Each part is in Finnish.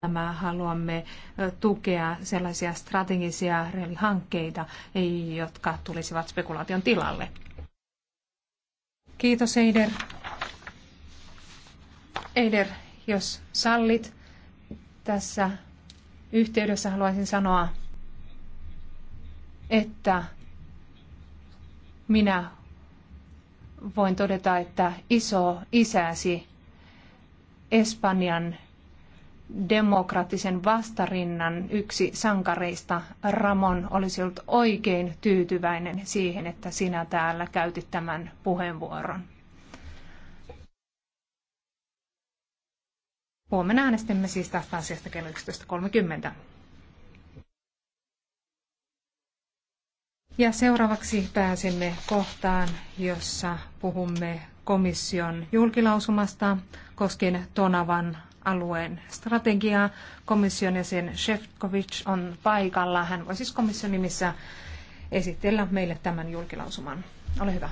Tämä haluamme tukea sellaisia strategisia hankkeita, jotka tulisivat spekulaation tilalle. Kiitos Eider. Eider, jos sallit, tässä yhteydessä haluaisin sanoa, että minä voin todeta, että iso isäsi Espanjan demokraattisen vastarinnan yksi sankareista, Ramon, olisi ollut oikein tyytyväinen siihen, että sinä täällä käytit tämän puheenvuoron. Huomenna äänestämme siis tästä asiasta kello 11.30. Ja seuraavaksi pääsemme kohtaan, jossa puhumme komission julkilausumasta koskien Tonavan alueen strategiaa. Komission jäsen Shevkovic on paikalla. Hän voi siis komission nimissä esitellä meille tämän julkilausuman. Ole hyvä.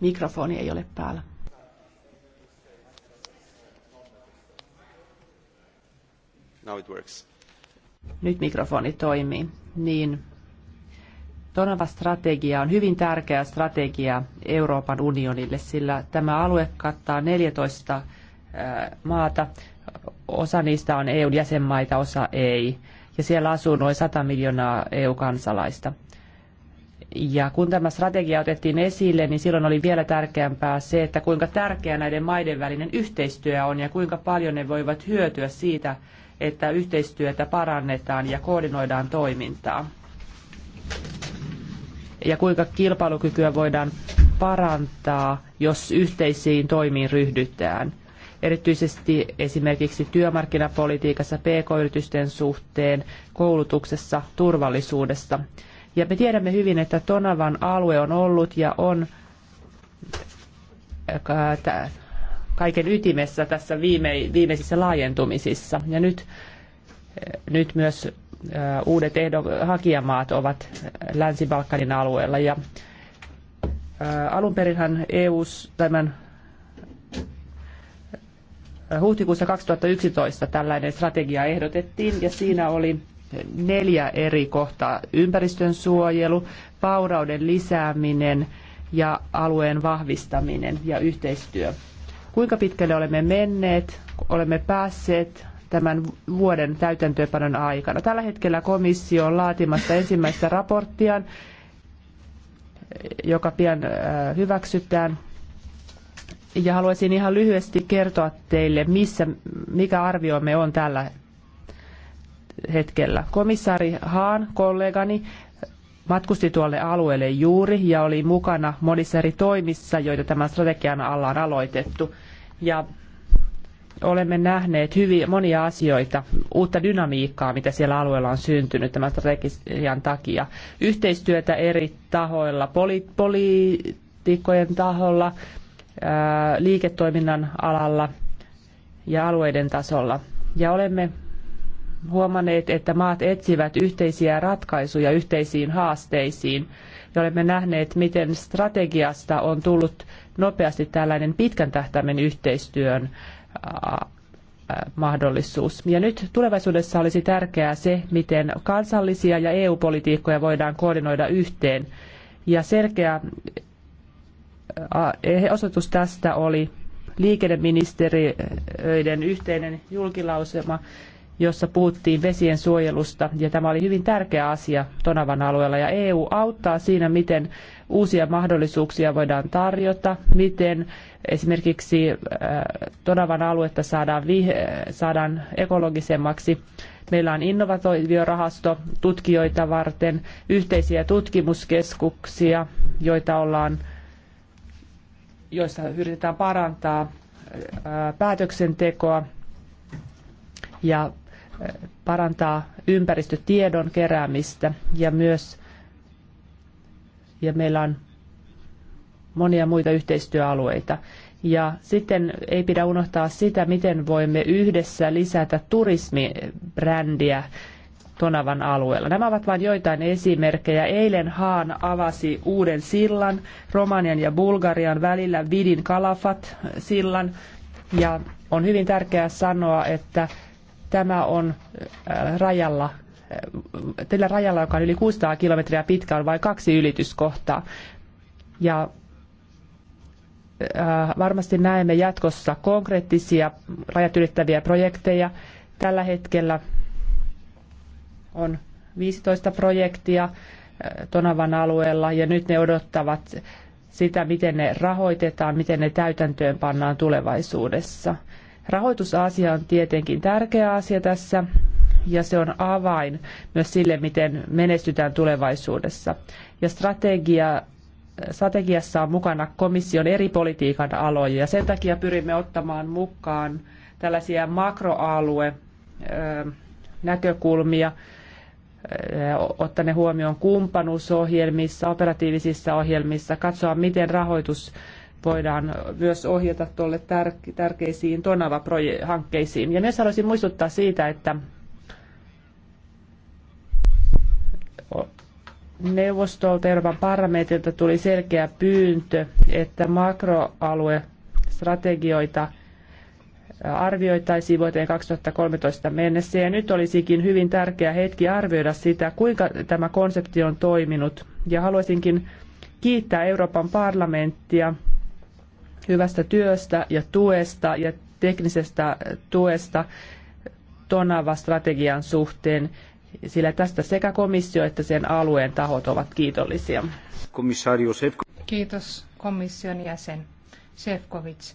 Mikrofoni ei ole päällä. Now it works. Nyt mikrofoni toimii. Niin, Donava strategia on hyvin tärkeä strategia Euroopan unionille, sillä tämä alue kattaa 14 äh, maata. Osa niistä on EUn jäsenmaita, osa ei. Ja siellä asuu noin 100 miljoonaa EU-kansalaista. Ja kun tämä strategia otettiin esille, niin silloin oli vielä tärkeämpää se, että kuinka tärkeä näiden maiden välinen yhteistyö on ja kuinka paljon ne voivat hyötyä siitä, että yhteistyötä parannetaan ja koordinoidaan toimintaa ja kuinka kilpailukykyä voidaan parantaa, jos yhteisiin toimiin ryhdytään. Erityisesti esimerkiksi työmarkkinapolitiikassa, pk-yritysten suhteen, koulutuksessa, turvallisuudessa. Ja me tiedämme hyvin, että Tonavan alue on ollut ja on kaiken ytimessä tässä viime, viimeisissä laajentumisissa. Ja nyt, nyt myös uudet hakijamaat ovat Länsi-Balkanin alueella. Ja alun perinhän EU tämän huhtikuussa 2011 tällainen strategia ehdotettiin ja siinä oli neljä eri kohtaa. Ympäristön suojelu, vaurauden lisääminen ja alueen vahvistaminen ja yhteistyö. Kuinka pitkälle olemme menneet, olemme päässeet tämän vuoden täytäntöönpanon aikana. Tällä hetkellä komissio on laatimassa ensimmäistä raporttiaan, joka pian äh, hyväksytään. Ja haluaisin ihan lyhyesti kertoa teille, missä, mikä arviomme on tällä hetkellä. Komissaari Haan, kollegani, matkusti tuolle alueelle juuri ja oli mukana monissa eri toimissa, joita tämän strategian alla on aloitettu. Ja olemme nähneet hyvin monia asioita, uutta dynamiikkaa, mitä siellä alueella on syntynyt tämän strategian takia. Yhteistyötä eri tahoilla, poli- poliitikkojen taholla, liiketoiminnan alalla ja alueiden tasolla. Ja olemme huomanneet, että maat etsivät yhteisiä ratkaisuja yhteisiin haasteisiin. Ja olemme nähneet, miten strategiasta on tullut nopeasti tällainen pitkän tähtäimen yhteistyön mahdollisuus. Ja nyt tulevaisuudessa olisi tärkeää se, miten kansallisia ja EU-politiikkoja voidaan koordinoida yhteen. Ja selkeä e, osoitus tästä oli liikenneministeriöiden yhteinen julkilausema, jossa puhuttiin vesien suojelusta, ja tämä oli hyvin tärkeä asia Tonavan alueella, ja EU auttaa siinä, miten uusia mahdollisuuksia voidaan tarjota, miten esimerkiksi äh, Tonavan aluetta saadaan, vih- saadaan ekologisemmaksi. Meillä on innovatiivirahasto tutkijoita varten, yhteisiä tutkimuskeskuksia, joita ollaan, joissa yritetään parantaa äh, päätöksentekoa ja parantaa ympäristötiedon keräämistä ja myös ja meillä on monia muita yhteistyöalueita. Ja sitten ei pidä unohtaa sitä, miten voimme yhdessä lisätä turismibrändiä Tonavan alueella. Nämä ovat vain joitain esimerkkejä. Eilen Haan avasi uuden sillan Romanian ja Bulgarian välillä Vidin Kalafat sillan. Ja on hyvin tärkeää sanoa, että Tämä on äh, rajalla äh, tällä rajalla, joka on yli 600 kilometriä pitkä, on vain kaksi ylityskohtaa. Ja äh, varmasti näemme jatkossa konkreettisia rajat ylittäviä projekteja. Tällä hetkellä on 15 projektia Tonavan alueella ja nyt ne odottavat sitä, miten ne rahoitetaan, miten ne täytäntöön pannaan tulevaisuudessa. Rahoitusasia on tietenkin tärkeä asia tässä ja se on avain myös sille, miten menestytään tulevaisuudessa. Ja strategia strategiassa on mukana komission eri politiikan aloja ja sen takia pyrimme ottamaan mukaan tällaisia makroalue näkökulmia, ottaa ne huomioon kumppanuusohjelmissa, operatiivisissa ohjelmissa, katsoa miten rahoitus voidaan myös ohjata tuolle tärkeisiin Tonava-hankkeisiin. Ja myös haluaisin muistuttaa siitä, että neuvostolta Euroopan parlamentilta tuli selkeä pyyntö, että makroaluestrategioita arvioitaisiin vuoteen 2013 mennessä. Ja nyt olisikin hyvin tärkeä hetki arvioida sitä, kuinka tämä konsepti on toiminut. Ja haluaisinkin kiittää Euroopan parlamenttia hyvästä työstä ja tuesta ja teknisestä tuesta Tonava-strategian suhteen, sillä tästä sekä komissio että sen alueen tahot ovat kiitollisia. Kiitos komission jäsen Sefcovic.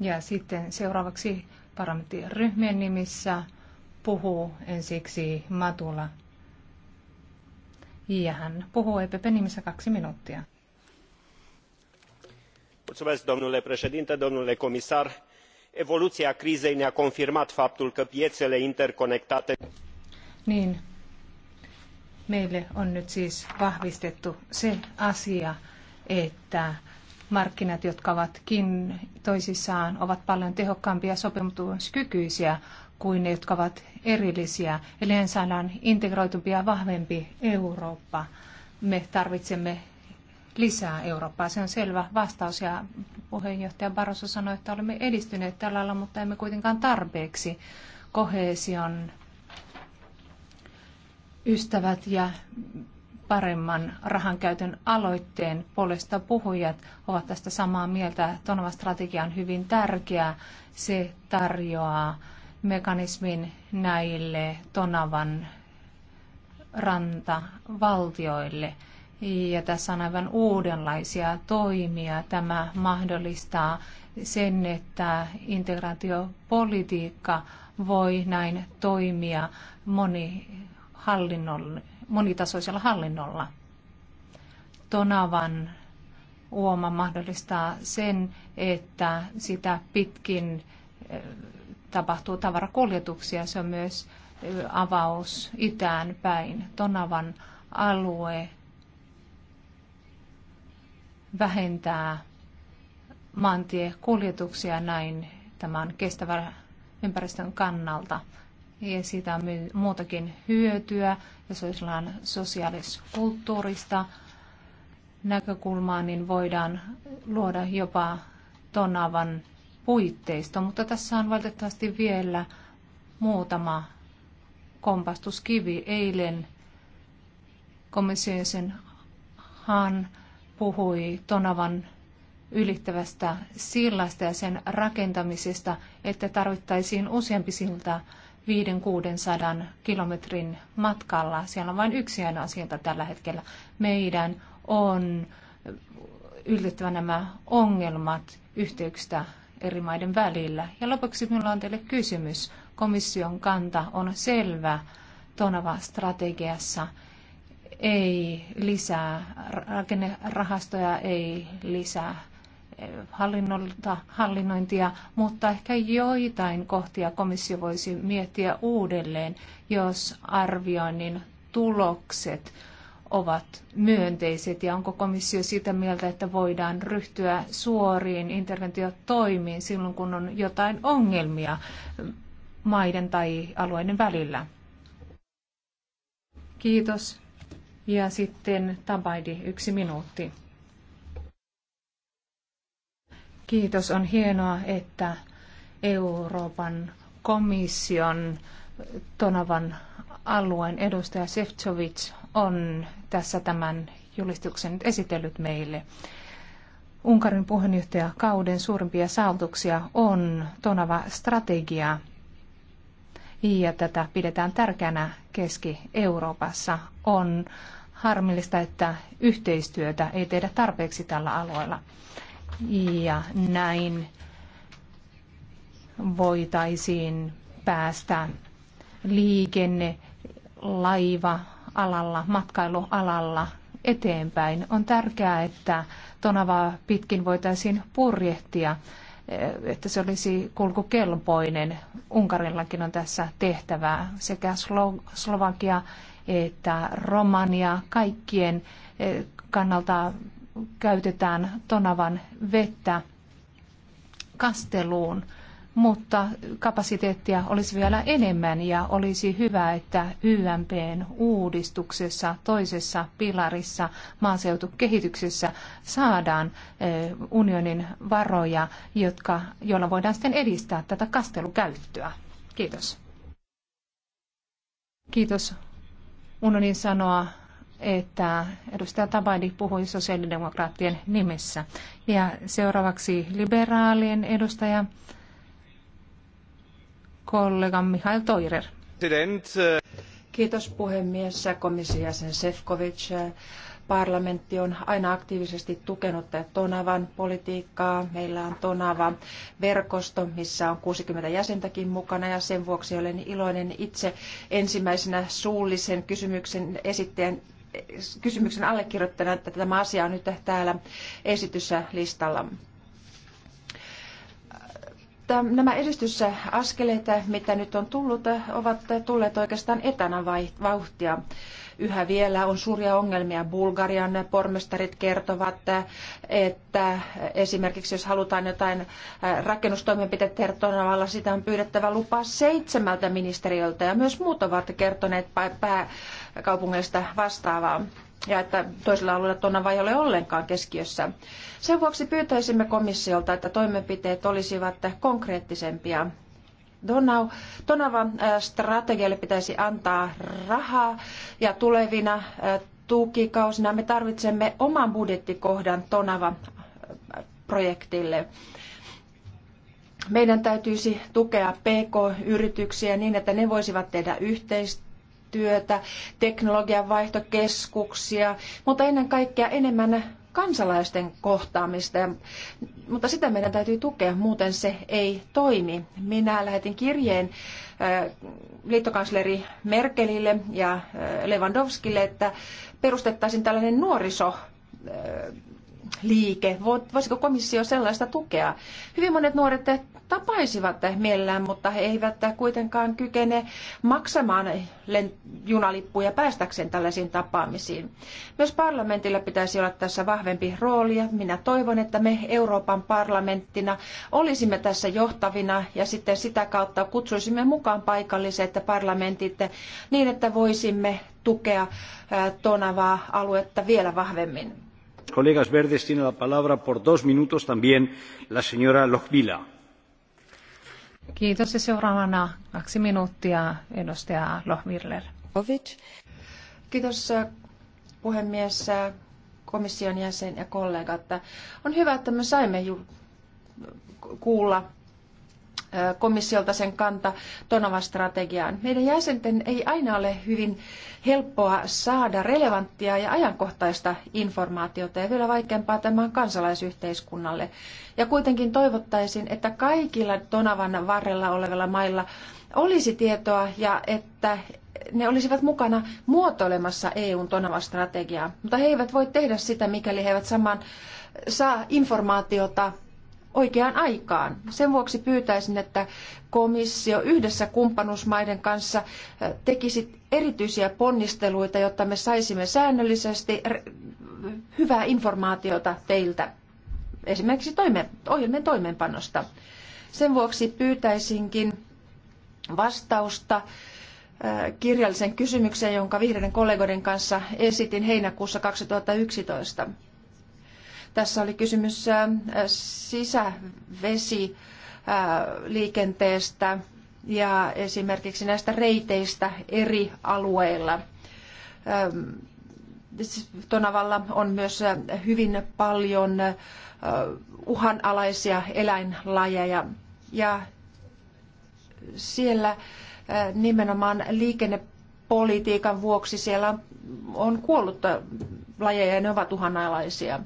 Ja sitten seuraavaksi parlamentin ryhmien nimissä puhuu ensiksi Matula. Ja hän puhuu EPP nimissä kaksi minuuttia evoluția crizei ne a confirmat faptul că piețele interconectate. Niin. meille on nyt siis vahvistettu se asia että markkinat jotka ovatkin toisissaan ovat paljon tehokkaampia ja sopeutumiskykyisiä kuin ne jotka ovat erillisiä eli ensin saadaan integroitumpi ja vahvempi Eurooppa. Me tarvitsemme lisää Eurooppaa. Se on selvä vastaus ja puheenjohtaja Barroso sanoi, että olemme edistyneet tällä lailla, mutta emme kuitenkaan tarpeeksi. Kohesion ystävät ja paremman rahankäytön aloitteen puolesta puhujat ovat tästä samaa mieltä. Tonova strategia on hyvin tärkeä. Se tarjoaa mekanismin näille Tonavan rantavaltioille. Ja tässä on aivan uudenlaisia toimia. Tämä mahdollistaa sen, että integraatiopolitiikka voi näin toimia monihallinnolla, monitasoisella hallinnolla. Tonavan uoma mahdollistaa sen, että sitä pitkin tapahtuu tavarakuljetuksia. Se on myös avaus itään päin. Tonavan alue vähentää maantiekuljetuksia näin tämän kestävän ympäristön kannalta. Ja siitä on muutakin hyötyä, jos ajatellaan sosiaalis-kulttuurista näkökulmaa, niin voidaan luoda jopa tonavan puitteisto, mutta tässä on valitettavasti vielä muutama kompastuskivi. Eilen komission sen Han puhui Tonavan ylittävästä sillasta ja sen rakentamisesta, että tarvittaisiin useampi silta 500-600 kilometrin matkalla. Siellä on vain yksi aina silta tällä hetkellä. Meidän on yllättävä nämä ongelmat yhteyksistä eri maiden välillä. Ja lopuksi minulla on teille kysymys. Komission kanta on selvä Tonava strategiassa. Ei lisää rakennerahastoja, ei lisää eh, hallinnolta, hallinnointia, mutta ehkä joitain kohtia komissio voisi miettiä uudelleen, jos arvioinnin tulokset ovat myönteiset ja onko komissio sitä mieltä, että voidaan ryhtyä suoriin interventiotoimiin silloin, kun on jotain ongelmia maiden tai alueiden välillä. Kiitos. Ja sitten Tabaidi, yksi minuutti. Kiitos, on hienoa, että Euroopan komission Tonavan alueen edustaja Sefcovic on tässä tämän julistuksen esitellyt meille. Unkarin puheenjohtajakauden suurimpia saavutuksia on Tonava-strategia, ja tätä pidetään tärkeänä Keski-Euroopassa. On harmillista, että yhteistyötä ei tehdä tarpeeksi tällä alueella. Ja näin voitaisiin päästä liikenne, laiva, alalla, matkailualalla eteenpäin. On tärkeää, että Tonavaa pitkin voitaisiin purjehtia, että se olisi kulkukelpoinen. Unkarillakin on tässä tehtävää sekä Slovakia että Romania kaikkien eh, kannalta käytetään tonavan vettä kasteluun, mutta kapasiteettia olisi vielä enemmän ja olisi hyvä, että YMPn uudistuksessa, toisessa pilarissa, maaseutukehityksessä saadaan eh, unionin varoja, jotka, joilla voidaan sitten edistää tätä kastelukäyttöä. Kiitos. Kiitos unohdin sanoa, että edustaja Tabaidi puhui sosiaalidemokraattien nimessä. Ja seuraavaksi liberaalien edustaja, kollega Mihail Toirer. Äh, Kiitos puhemies, komission jäsen Sefcovic parlamentti on aina aktiivisesti tukenut Tonavan politiikkaa. Meillä on Tonava-verkosto, missä on 60 jäsentäkin mukana ja sen vuoksi olen iloinen itse ensimmäisenä suullisen kysymyksen esittäjän kysymyksen allekirjoittajana, että tämä asia on nyt täällä esityslistalla nämä edistysaskeleet, mitä nyt on tullut, ovat tulleet oikeastaan etänä vauhtia. Yhä vielä on suuria ongelmia. Bulgarian pormestarit kertovat, että esimerkiksi jos halutaan jotain äh, rakennustoimenpiteet tertonavalla sitä on pyydettävä lupaa seitsemältä ministeriöltä ja myös muut ovat kertoneet pääkaupungeista vastaavaa ja että toisilla alueilla tonnava ei ole ollenkaan keskiössä. Sen vuoksi pyytäisimme komissiolta, että toimenpiteet olisivat konkreettisempia Donau, Donavan äh, strategialle pitäisi antaa rahaa ja tulevina äh, tukikausina me tarvitsemme oman budjettikohdan Tonava-projektille. Äh, Meidän täytyisi tukea PK-yrityksiä niin, että ne voisivat tehdä yhteistyötä, teknologian vaihtokeskuksia, mutta ennen kaikkea enemmän kansalaisten kohtaamista, mutta sitä meidän täytyy tukea, muuten se ei toimi. Minä lähetin kirjeen liittokansleri Merkelille ja Lewandowskille, että perustettaisiin tällainen nuoriso liike. Voisiko komissio sellaista tukea? Hyvin monet nuoret tapaisivat mielellään, mutta he eivät kuitenkaan kykene maksamaan junalippuja päästäkseen tällaisiin tapaamisiin. Myös parlamentilla pitäisi olla tässä vahvempi rooli ja minä toivon, että me Euroopan parlamenttina olisimme tässä johtavina ja sitten sitä kautta kutsuisimme mukaan paikalliset parlamentit niin, että voisimme tukea Tonavaa aluetta vielä vahvemmin. Colegas Verdes tiene la palabra por dos minutos también la señora Lochbila Kiitos ja seuraavana kaksi minuuttia edustaja Lohmirler. Kiitos äh, puhemies, äh, komission jäsen ja kollegat. Äh, on hyvä, että me saimme kuulla komissiolta sen kanta Tonava-strategiaan. Meidän jäsenten ei aina ole hyvin helppoa saada relevanttia ja ajankohtaista informaatiota ja vielä vaikeampaa tämä on kansalaisyhteiskunnalle. Ja kuitenkin toivottaisin, että kaikilla Tonavan varrella olevilla mailla olisi tietoa ja että ne olisivat mukana muotoilemassa EUn Tonava-strategiaa, mutta he eivät voi tehdä sitä, mikäli he eivät saman saa informaatiota oikeaan aikaan. Sen vuoksi pyytäisin, että komissio yhdessä kumppanuusmaiden kanssa tekisi erityisiä ponnisteluita, jotta me saisimme säännöllisesti hyvää informaatiota teiltä, esimerkiksi toime, ohjelmien toimeenpanosta. Sen vuoksi pyytäisinkin vastausta kirjallisen kysymykseen, jonka vihreiden kollegoiden kanssa esitin heinäkuussa 2011. Tässä oli kysymys sisävesiliikenteestä ja esimerkiksi näistä reiteistä eri alueilla. Tonavalla on myös hyvin paljon uhanalaisia eläinlajeja ja siellä nimenomaan liikennepolitiikan vuoksi siellä on kuollut lajeja ja ne ovat uhanalaisia.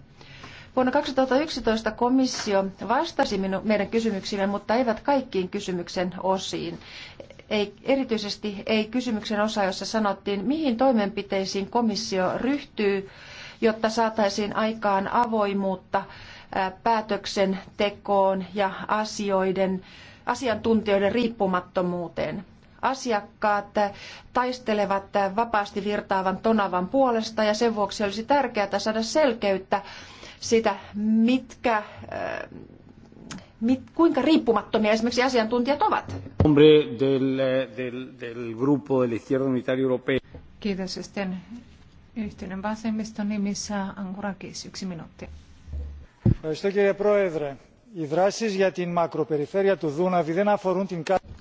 Vuonna 2011 komissio vastasi minu, meidän kysymyksiimme, mutta eivät kaikkiin kysymyksen osiin. Ei, erityisesti ei kysymyksen osa, jossa sanottiin, mihin toimenpiteisiin komissio ryhtyy, jotta saataisiin aikaan avoimuutta päätöksentekoon ja asioiden, asiantuntijoiden riippumattomuuteen asiakkaat taistelevat vapaasti virtaavan tonavan puolesta ja sen vuoksi olisi tärkeää saada selkeyttä sitä, mitkä, äh, mit, kuinka riippumattomia esimerkiksi asiantuntijat ovat. Eh, Kiitos sitten yhteyden vasemmiston nimissä Angurakis, yksi minuutti.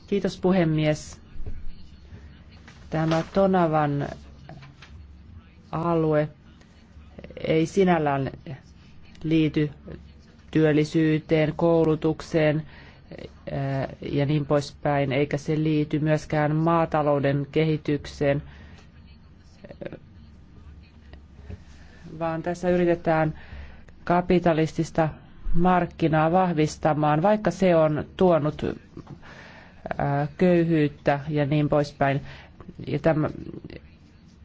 Kiitos puhemies. Tämä Tonavan alue ei sinällään liity työllisyyteen, koulutukseen ja niin poispäin, eikä se liity myöskään maatalouden kehitykseen, vaan tässä yritetään kapitalistista markkinaa vahvistamaan, vaikka se on tuonut köyhyyttä ja niin poispäin. Ja tämä,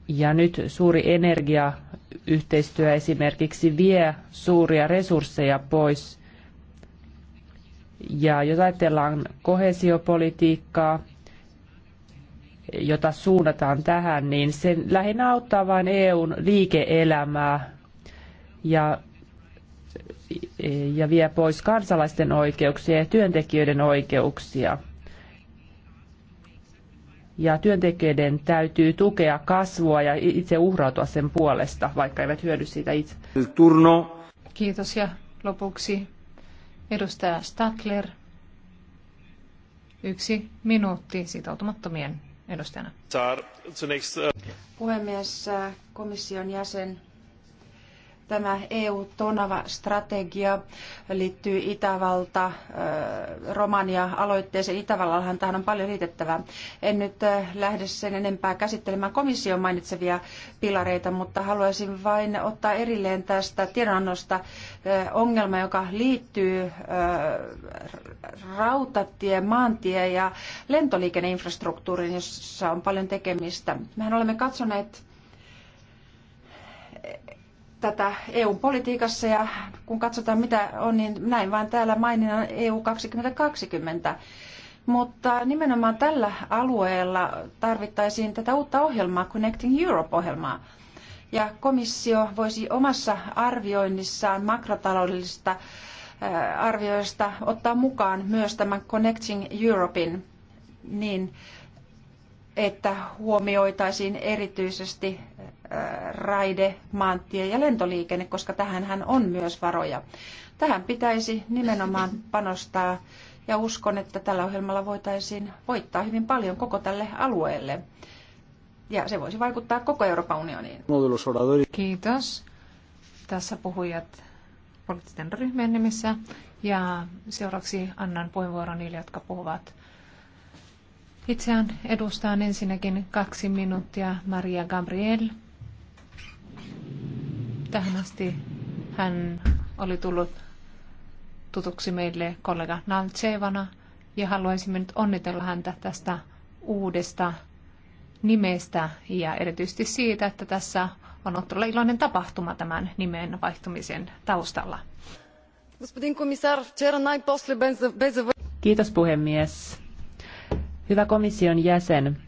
ja nyt suuri energiayhteistyö esimerkiksi vie suuria resursseja pois. Ja jos ajatellaan kohesiopolitiikkaa, jota suunnataan tähän, niin se lähinnä auttaa vain EUn liike-elämää ja, ja vie pois kansalaisten oikeuksia ja työntekijöiden oikeuksia – ja työntekijöiden täytyy tukea kasvua ja itse uhrautua sen puolesta, vaikka eivät hyödy siitä itse. Turno. Kiitos ja lopuksi edustaja Statler. Yksi minuutti sitoutumattomien edustajana. Zunächst. Äh, Puhemies, äh, komission jäsen. Tämä EU-Tonava-strategia liittyy Itävalta, Romania aloitteeseen. Itävallallahan tähän on paljon liitettävää. En nyt lähde sen enempää käsittelemään komission mainitsevia pilareita, mutta haluaisin vain ottaa erilleen tästä tiedonannosta ongelma, joka liittyy rautatie, maantie ja lentoliikenneinfrastruktuuriin, jossa on paljon tekemistä. Mehän olemme katsoneet tätä EU-politiikassa ja kun katsotaan mitä on, niin näin vain täällä maininnan EU 2020. Mutta nimenomaan tällä alueella tarvittaisiin tätä uutta ohjelmaa, Connecting Europe-ohjelmaa. Ja komissio voisi omassa arvioinnissaan makrotaloudellisista arvioista ottaa mukaan myös tämän Connecting Europein niin, että huomioitaisiin erityisesti raide, maantie ja lentoliikenne, koska tähän hän on myös varoja. Tähän pitäisi nimenomaan panostaa ja uskon, että tällä ohjelmalla voitaisiin voittaa hyvin paljon koko tälle alueelle. Ja se voisi vaikuttaa koko Euroopan unioniin. Kiitos. Tässä puhujat poliittisten ryhmien nimissä. Ja seuraavaksi annan puheenvuoron niille, jotka puhuvat itseään edustaan ensinnäkin kaksi minuuttia Maria Gabriel. Tähän asti hän oli tullut tutuksi meille kollega Naltsevana ja haluaisimme nyt onnitella häntä tästä uudesta nimestä ja erityisesti siitä, että tässä on ollut todella iloinen tapahtuma tämän nimen vaihtumisen taustalla. Kiitos puhemies. Hyvä komission jäsen.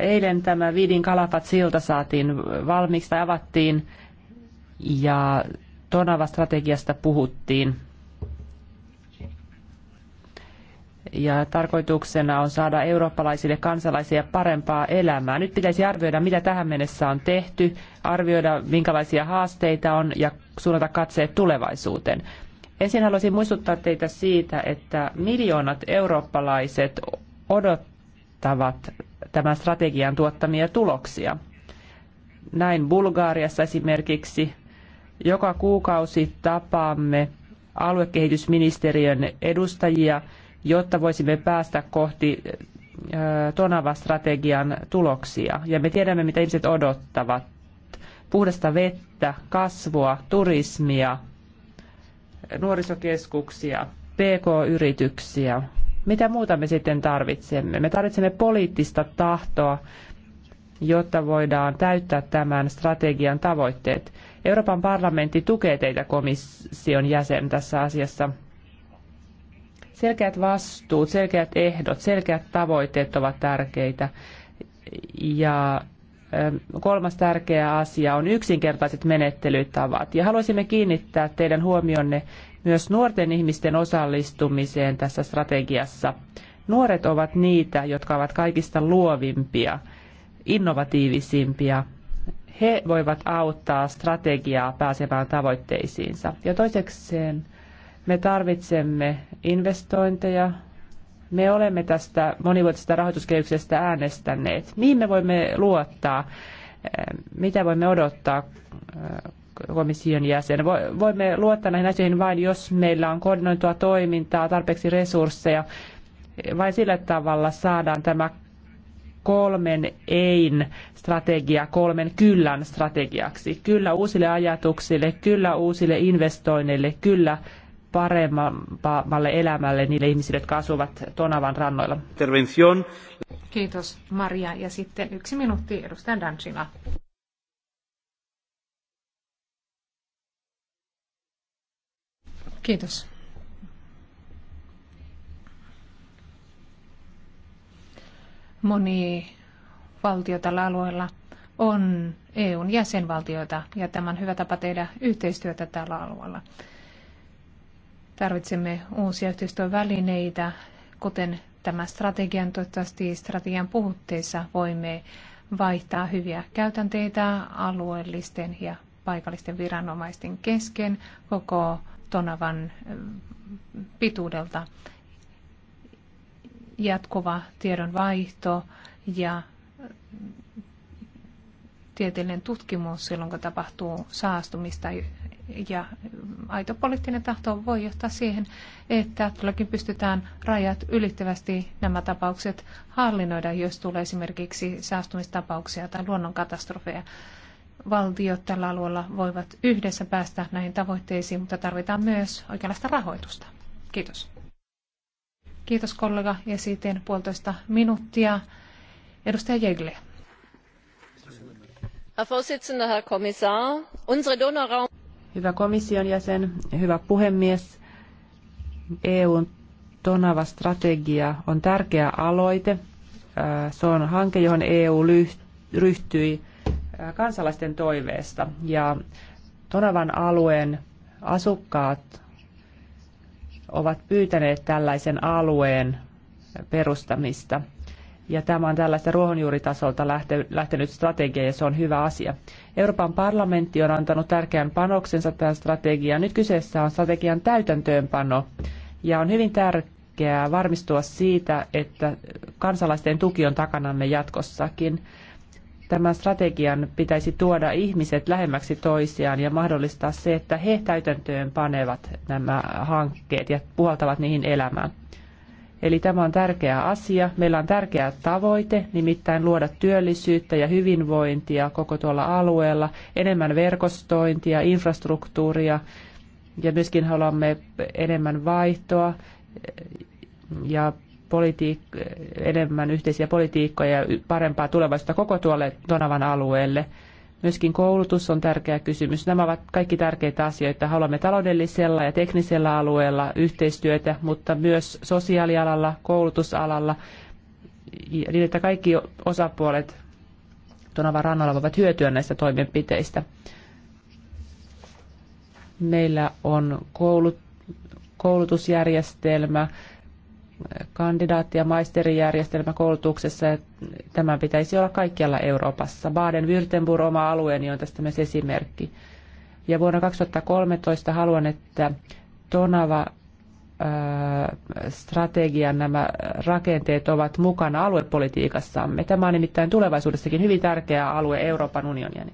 Eilen tämä Vidin Kalapat-silta saatiin valmiiksi tai avattiin ja Tonava-strategiasta puhuttiin. Ja tarkoituksena on saada eurooppalaisille kansalaisille parempaa elämää. Nyt pitäisi arvioida, mitä tähän mennessä on tehty, arvioida, minkälaisia haasteita on ja suunnata katseet tulevaisuuteen. Ensin haluaisin muistuttaa teitä siitä, että miljoonat eurooppalaiset odottavat tämän strategian tuottamia tuloksia. Näin Bulgaariassa esimerkiksi joka kuukausi tapaamme aluekehitysministeriön edustajia, jotta voisimme päästä kohti Tonava-strategian tuloksia. Ja me tiedämme, mitä ihmiset odottavat. Puhdasta vettä, kasvua, turismia, nuorisokeskuksia, pk-yrityksiä, mitä muuta me sitten tarvitsemme? Me tarvitsemme poliittista tahtoa, jotta voidaan täyttää tämän strategian tavoitteet. Euroopan parlamentti tukee teitä komission jäsen tässä asiassa. Selkeät vastuut, selkeät ehdot, selkeät tavoitteet ovat tärkeitä. Ja ähm, kolmas tärkeä asia on yksinkertaiset menettelytavat. Ja haluaisimme kiinnittää teidän huomionne myös nuorten ihmisten osallistumiseen tässä strategiassa. Nuoret ovat niitä, jotka ovat kaikista luovimpia, innovatiivisimpia. He voivat auttaa strategiaa pääsemään tavoitteisiinsa. Ja toisekseen me tarvitsemme investointeja. Me olemme tästä monivuotisesta rahoituskehyksestä äänestäneet. Mihin me voimme luottaa? Eh, mitä voimme odottaa eh, komission jäsen. Voimme luottaa näihin asioihin vain, jos meillä on koordinoitua toimintaa, tarpeeksi resursseja. Vain sillä tavalla saadaan tämä kolmen ein strategia kolmen kyllän strategiaksi. Kyllä uusille ajatuksille, kyllä uusille investoinneille, kyllä paremmalle elämälle niille ihmisille, jotka asuvat Tonavan rannoilla. Intervention. Kiitos Maria. Ja sitten yksi minuutti edustaja Dancina. Kiitos. Moni valtio tällä alueella on EUn jäsenvaltioita ja tämä on hyvä tapa tehdä yhteistyötä tällä alueella. Tarvitsemme uusia yhteistyövälineitä, kuten tämä strategian, toivottavasti strategian puhutteissa voimme vaihtaa hyviä käytänteitä alueellisten ja paikallisten viranomaisten kesken koko tonavan pituudelta. Jatkuva tiedonvaihto ja tieteellinen tutkimus silloin, kun tapahtuu saastumista ja aito poliittinen tahto voi johtaa siihen, että todellakin pystytään rajat ylittävästi nämä tapaukset hallinnoida, jos tulee esimerkiksi saastumistapauksia tai luonnonkatastrofeja valtiot tällä alueella voivat yhdessä päästä näihin tavoitteisiin, mutta tarvitaan myös oikeanlaista rahoitusta. Kiitos. Kiitos kollega ja sitten puolitoista minuuttia. Edustaja Jegle. Hyvä komission jäsen, hyvä puhemies. EUn Tonava-strategia on tärkeä aloite. Se on hanke, johon EU ryhtyi kansalaisten toiveesta. Ja Tonavan alueen asukkaat ovat pyytäneet tällaisen alueen perustamista. Ja tämä on tällaista ruohonjuuritasolta lähtenyt strategia ja se on hyvä asia. Euroopan parlamentti on antanut tärkeän panoksensa tähän strategiaan. Nyt kyseessä on strategian täytäntöönpano ja on hyvin tärkeää varmistua siitä, että kansalaisten tuki on takanamme jatkossakin tämän strategian pitäisi tuoda ihmiset lähemmäksi toisiaan ja mahdollistaa se, että he täytäntöön panevat nämä hankkeet ja puhaltavat niihin elämään. Eli tämä on tärkeä asia. Meillä on tärkeä tavoite, nimittäin luoda työllisyyttä ja hyvinvointia koko tuolla alueella, enemmän verkostointia, infrastruktuuria ja myöskin haluamme enemmän vaihtoa ja politiik- enemmän yhteisiä politiikkoja ja parempaa tulevaisuutta koko tuolle Donavan alueelle. Myöskin koulutus on tärkeä kysymys. Nämä ovat kaikki tärkeitä asioita. Haluamme taloudellisella ja teknisellä alueella yhteistyötä, mutta myös sosiaalialalla, koulutusalalla, niin että kaikki osapuolet Donavan rannalla voivat hyötyä näistä toimenpiteistä. Meillä on koulut, koulutusjärjestelmä, kandidaatti- ja maisterijärjestelmä koulutuksessa, ja tämän pitäisi olla kaikkialla Euroopassa. Baden-Württemberg, oma alueeni, on tästä myös esimerkki. Ja vuonna 2013 haluan, että Tonava strategian nämä rakenteet ovat mukana aluepolitiikassamme. Tämä on nimittäin tulevaisuudessakin hyvin tärkeä alue Euroopan unionia.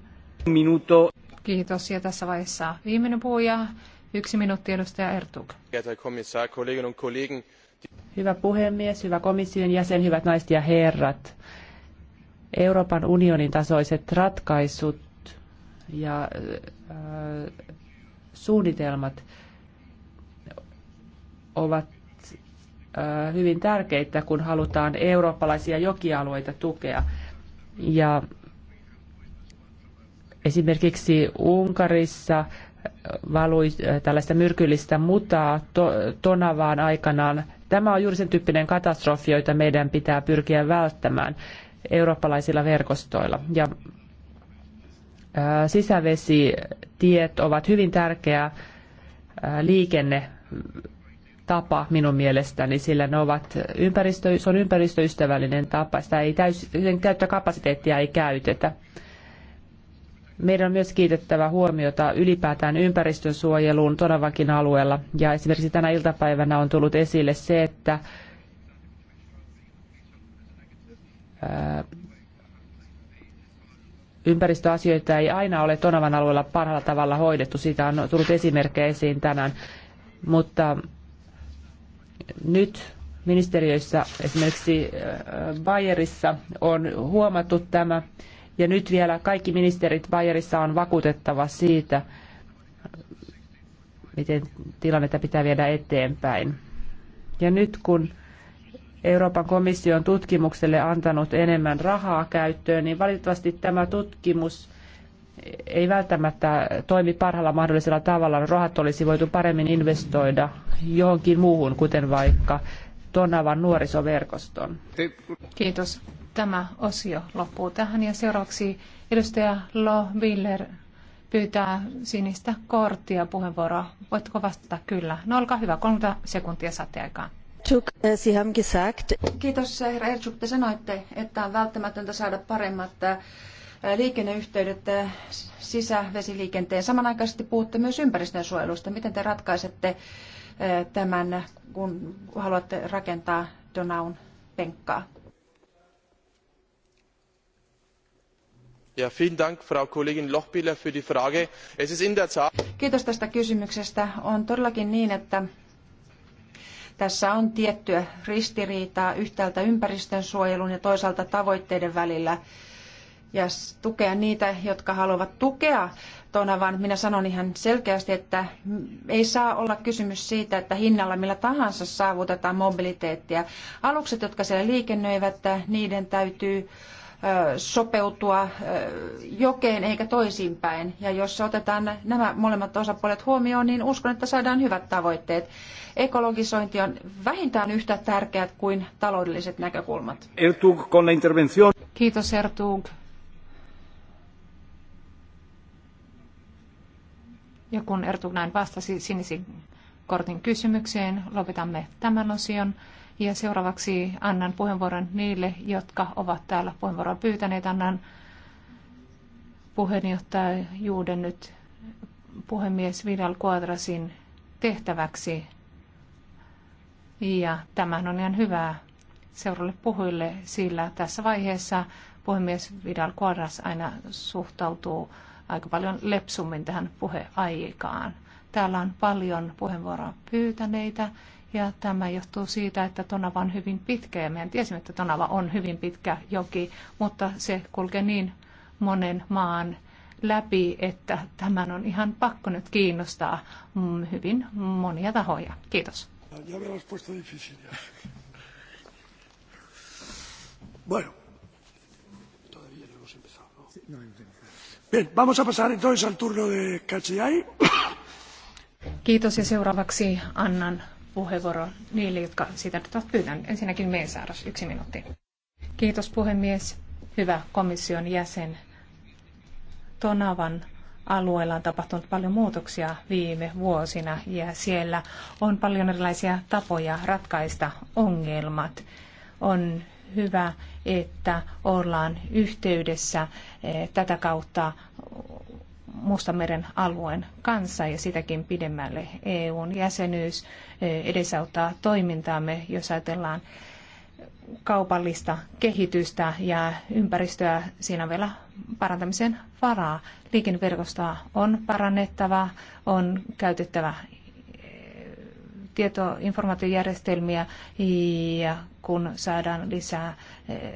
Minuto. Kiitos. Ja tässä vaiheessa viimeinen puhuja, yksi minuutti edustaja Ertug. Hyvä puhemies, hyvä komission jäsen, hyvät naiset ja herrat. Euroopan unionin tasoiset ratkaisut ja äh, suunnitelmat ovat äh, hyvin tärkeitä, kun halutaan eurooppalaisia jokialueita tukea. Ja esimerkiksi Unkarissa äh, valui äh, tällaista myrkyllistä mutaa to, Tonavaan aikanaan Tämä on juuri sen tyyppinen katastrofi, joita meidän pitää pyrkiä välttämään eurooppalaisilla verkostoilla. Ja sisävesitiet ovat hyvin tärkeä liikennetapa minun mielestäni, sillä ne ovat ympäristö, se on ympäristöystävällinen tapa. Sitä ei täys, sen käyttökapasiteettia ei käytetä. Meidän on myös kiitettävä huomiota ylipäätään ympäristönsuojeluun Tonavakin alueella. Ja esimerkiksi tänä iltapäivänä on tullut esille se, että ympäristöasioita ei aina ole Tonavan alueella parhaalla tavalla hoidettu. Siitä on tullut esimerkkejä esiin tänään. Mutta nyt ministeriöissä, esimerkiksi Bayerissa, on huomattu tämä ja nyt vielä kaikki ministerit Bayerissa on vakuutettava siitä, miten tilannetta pitää viedä eteenpäin. Ja nyt kun Euroopan komissio on tutkimukselle antanut enemmän rahaa käyttöön, niin valitettavasti tämä tutkimus ei välttämättä toimi parhaalla mahdollisella tavalla. Rahat olisi voitu paremmin investoida johonkin muuhun, kuten vaikka Donavan nuorisoverkoston. Kiitos. Tämä osio loppuu tähän ja seuraavaksi edustaja Lo Willer pyytää sinistä korttia puheenvuoroa. Voitko vastata kyllä? No olkaa hyvä, 30 sekuntia saatte aikaan. Eh, Kiitos herra Erzsuk, te sanoitte, että on välttämätöntä saada paremmat eh, liikenneyhteydet eh, sisävesiliikenteen. Samanaikaisesti puhutte myös ympäristönsuojelusta. Miten te ratkaisette tämän, kun haluatte rakentaa Donaun penkkaa. Kiitos tästä kysymyksestä. On todellakin niin, että tässä on tiettyä ristiriitaa yhtäältä suojelun ja toisaalta tavoitteiden välillä ja tukea niitä, jotka haluavat tukea vaan minä sanon ihan selkeästi, että ei saa olla kysymys siitä, että hinnalla millä tahansa saavutetaan mobiliteettia. Alukset, jotka siellä liikennöivät, niiden täytyy sopeutua jokeen eikä toisinpäin. Ja jos otetaan nämä molemmat osapuolet huomioon, niin uskon, että saadaan hyvät tavoitteet. Ekologisointi on vähintään yhtä tärkeät kuin taloudelliset näkökulmat. Kiitos Ertug. Ja kun näin vastasi sinisen kortin kysymykseen, lopetamme tämän osion. Ja seuraavaksi annan puheenvuoron niille, jotka ovat täällä puheenvuoroa pyytäneet. Annan Juuden nyt puhemies Vidal Quadrasin tehtäväksi. Ja tämähän on ihan hyvää seuralle puhuille, sillä tässä vaiheessa puhemies Vidal Quadras aina suhtautuu aika paljon lepsummin tähän puheaikaan. Täällä on paljon puheenvuoroa pyytäneitä ja tämä johtuu siitä, että Tonava on hyvin pitkä ja meidän tiesimme, että Tonava on hyvin pitkä joki, mutta se kulkee niin monen maan läpi, että tämän on ihan pakko nyt kiinnostaa mm, hyvin monia tahoja. Kiitos. Bueno, todavía no hemos empezado, ¿no? Sí, no, vamos a pasar entonces al turno de Kachiai. Kiitos ja seuraavaksi annan puheenvuoron niille, jotka sitä nyt ovat pyytäneet. Ensinnäkin Meesaaras, yksi minuutti. Kiitos puhemies. Hyvä komission jäsen. Tonavan alueella on tapahtunut paljon muutoksia viime vuosina ja siellä on paljon erilaisia tapoja ratkaista ongelmat. On hyvä, että ollaan yhteydessä eh, tätä kautta Mustameren alueen kanssa ja sitäkin pidemmälle EUn jäsenyys eh, edesauttaa toimintaamme, jos ajatellaan kaupallista kehitystä ja ympäristöä. Siinä on vielä parantamisen varaa. Liikenneverkostoa on parannettava, on käytettävä tietoinformaatiojärjestelmiä ja kun saadaan lisää eh,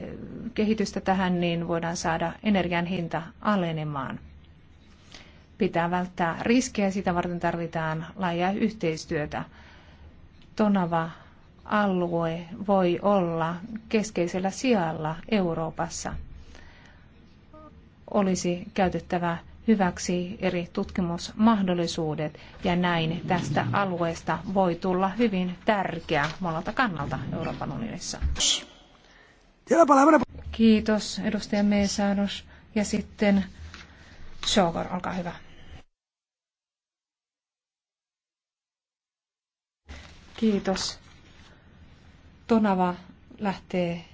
kehitystä tähän, niin voidaan saada energian hinta alenemaan. Pitää välttää riskejä, sitä varten tarvitaan laajaa yhteistyötä. Tonava alue voi olla keskeisellä sijalla Euroopassa. Olisi käytettävä hyväksi eri tutkimusmahdollisuudet ja näin tästä alueesta voi tulla hyvin tärkeä monelta kannalta Euroopan unionissa. Kiitos edustaja Meesaados ja sitten Sogor, olkaa hyvä. Kiitos. Tonava lähtee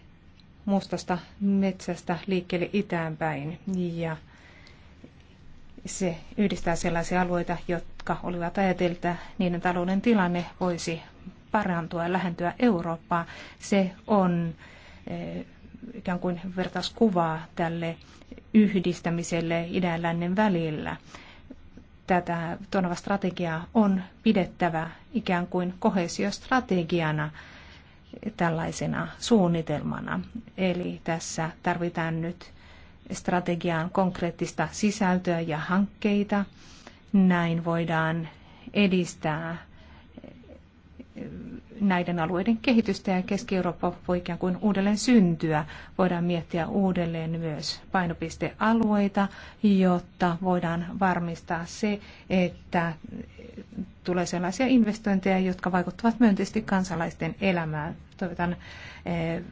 mustasta metsästä liikkeelle itään päin ja se yhdistää sellaisia alueita, jotka olivat ajatelta, niiden talouden tilanne voisi parantua ja lähentyä Eurooppaa. Se on eh, ikään kuin vertauskuvaa tälle yhdistämiselle idänlännen välillä. Tätä tuonava strategiaa on pidettävä ikään kuin kohesiostrategiana tällaisena suunnitelmana. Eli tässä tarvitaan nyt strategiaan konkreettista sisältöä ja hankkeita. Näin voidaan edistää näiden alueiden kehitystä ja Keski-Eurooppa voi ikään kuin uudelleen syntyä. Voidaan miettiä uudelleen myös painopistealueita, jotta voidaan varmistaa se, että tulee sellaisia investointeja, jotka vaikuttavat myönteisesti kansalaisten elämään. Toivotan eh,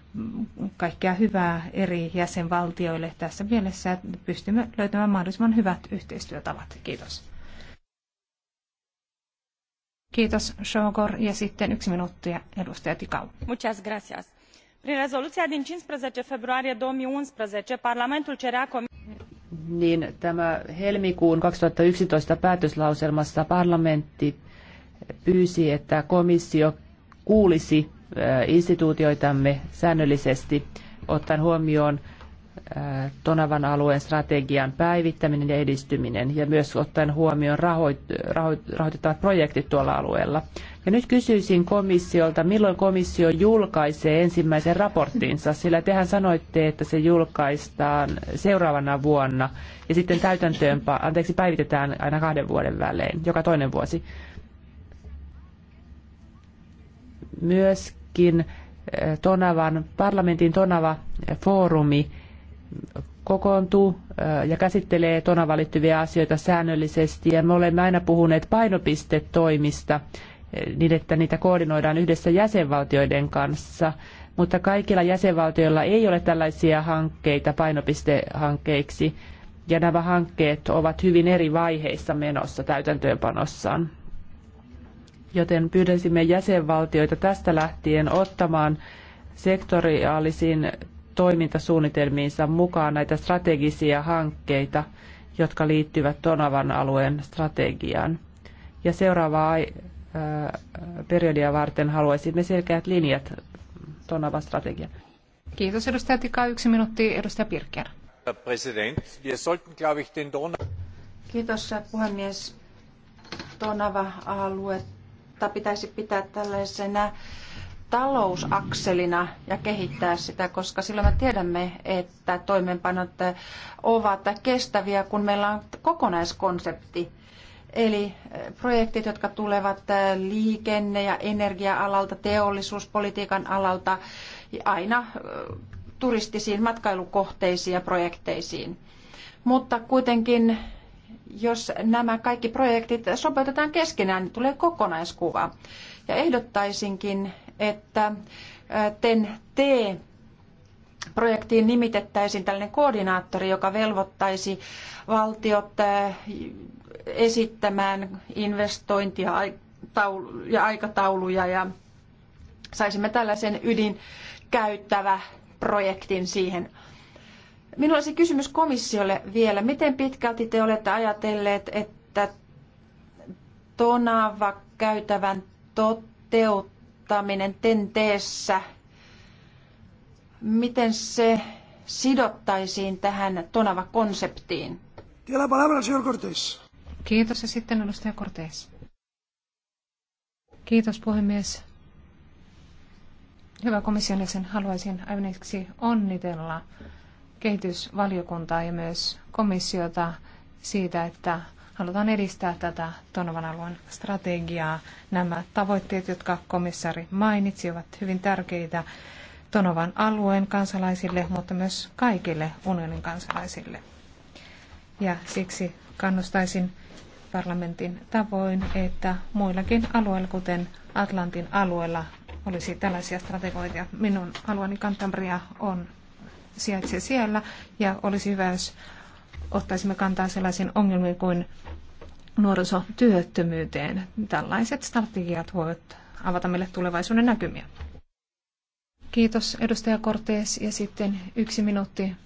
kaikkea hyvää eri jäsenvaltioille tässä mielessä, että pystymme löytämään mahdollisimman hyvät yhteistyötavat. Kiitos. Kiitos, Shogor. Ja sitten yksi minuuttia, edustaja Tikau. Muchas gracias. Prin rezoluția din 15 februarie 2011, Parlamentul cerea Niin tämä helmikuun 2011 päätöslauselmassa parlamentti pyysi, että komissio kuulisi instituutioitamme säännöllisesti ottaen huomioon Tonavan alueen strategian päivittäminen ja edistyminen ja myös ottaen huomioon rahoit, rahoit, rahoitettavat projektit tuolla alueella. Ja nyt kysyisin komissiolta, milloin komissio julkaisee ensimmäisen raporttinsa, sillä tehän sanoitte, että se julkaistaan seuraavana vuonna ja sitten täytäntöön, anteeksi, päivitetään aina kahden vuoden välein, joka toinen vuosi. Myöskin Tonavan, parlamentin Tonava-foorumi kokoontuu äh, ja käsittelee Tonavan liittyviä asioita säännöllisesti ja me olemme aina puhuneet painopistetoimista äh, niin, että niitä koordinoidaan yhdessä jäsenvaltioiden kanssa, mutta kaikilla jäsenvaltioilla ei ole tällaisia hankkeita painopistehankkeiksi ja nämä hankkeet ovat hyvin eri vaiheissa menossa täytäntöönpanossaan. Joten pyydensimme jäsenvaltioita tästä lähtien ottamaan sektoriaalisiin toimintasuunnitelmiinsa mukaan näitä strategisia hankkeita, jotka liittyvät Tonavan alueen strategiaan. Ja seuraavaa äh, periodia varten haluaisimme selkeät linjat Tonavan strategian. Kiitos edustaja Tika. Yksi minuutti edustaja Pirker. Kiitos puhemies. Tonava-aluetta pitäisi pitää tällaisena talousakselina ja kehittää sitä, koska silloin me tiedämme, että toimeenpanot ovat kestäviä, kun meillä on kokonaiskonsepti. Eli eh, projektit, jotka tulevat eh, liikenne- ja energia-alalta, teollisuuspolitiikan alalta, aina eh, turistisiin matkailukohteisiin ja projekteisiin. Mutta kuitenkin, jos nämä kaikki projektit sopeutetaan keskenään, niin tulee kokonaiskuva. Ja ehdottaisinkin, että TEN-T-projektiin nimitettäisiin tällainen koordinaattori, joka velvoittaisi valtiot esittämään investointia ja aikatauluja ja saisimme tällaisen käyttävä projektin siihen. Minulla olisi kysymys komissiolle vielä. Miten pitkälti te olette ajatelleet, että Tonava käytävän toteuttaminen toteuttaminen tenteessä, miten se sidottaisiin tähän Tonava-konseptiin? Tiedä palabra, señor Cortés. Kiitos ja sitten edustaja Cortés. Kiitos puhemies. Hyvä komission jäsen, haluaisin aivan onnitella kehitysvaliokuntaa ja myös komissiota siitä, että halutaan edistää tätä Tonovan alueen strategiaa. Nämä tavoitteet, jotka komissari mainitsi, ovat hyvin tärkeitä Tonovan alueen kansalaisille, mutta myös kaikille unionin kansalaisille. Ja siksi kannustaisin parlamentin tavoin, että muillakin alueilla, kuten Atlantin alueella, olisi tällaisia strategioita. Minun alueeni Cantabria on sijaitsee siellä ja olisi hyvä, jos ottaisimme kantaa sellaisiin ongelmiin kuin nuorisotyöttömyyteen. Tällaiset strategiat voivat avata meille tulevaisuuden näkymiä. Kiitos edustaja Cortes ja sitten yksi minuutti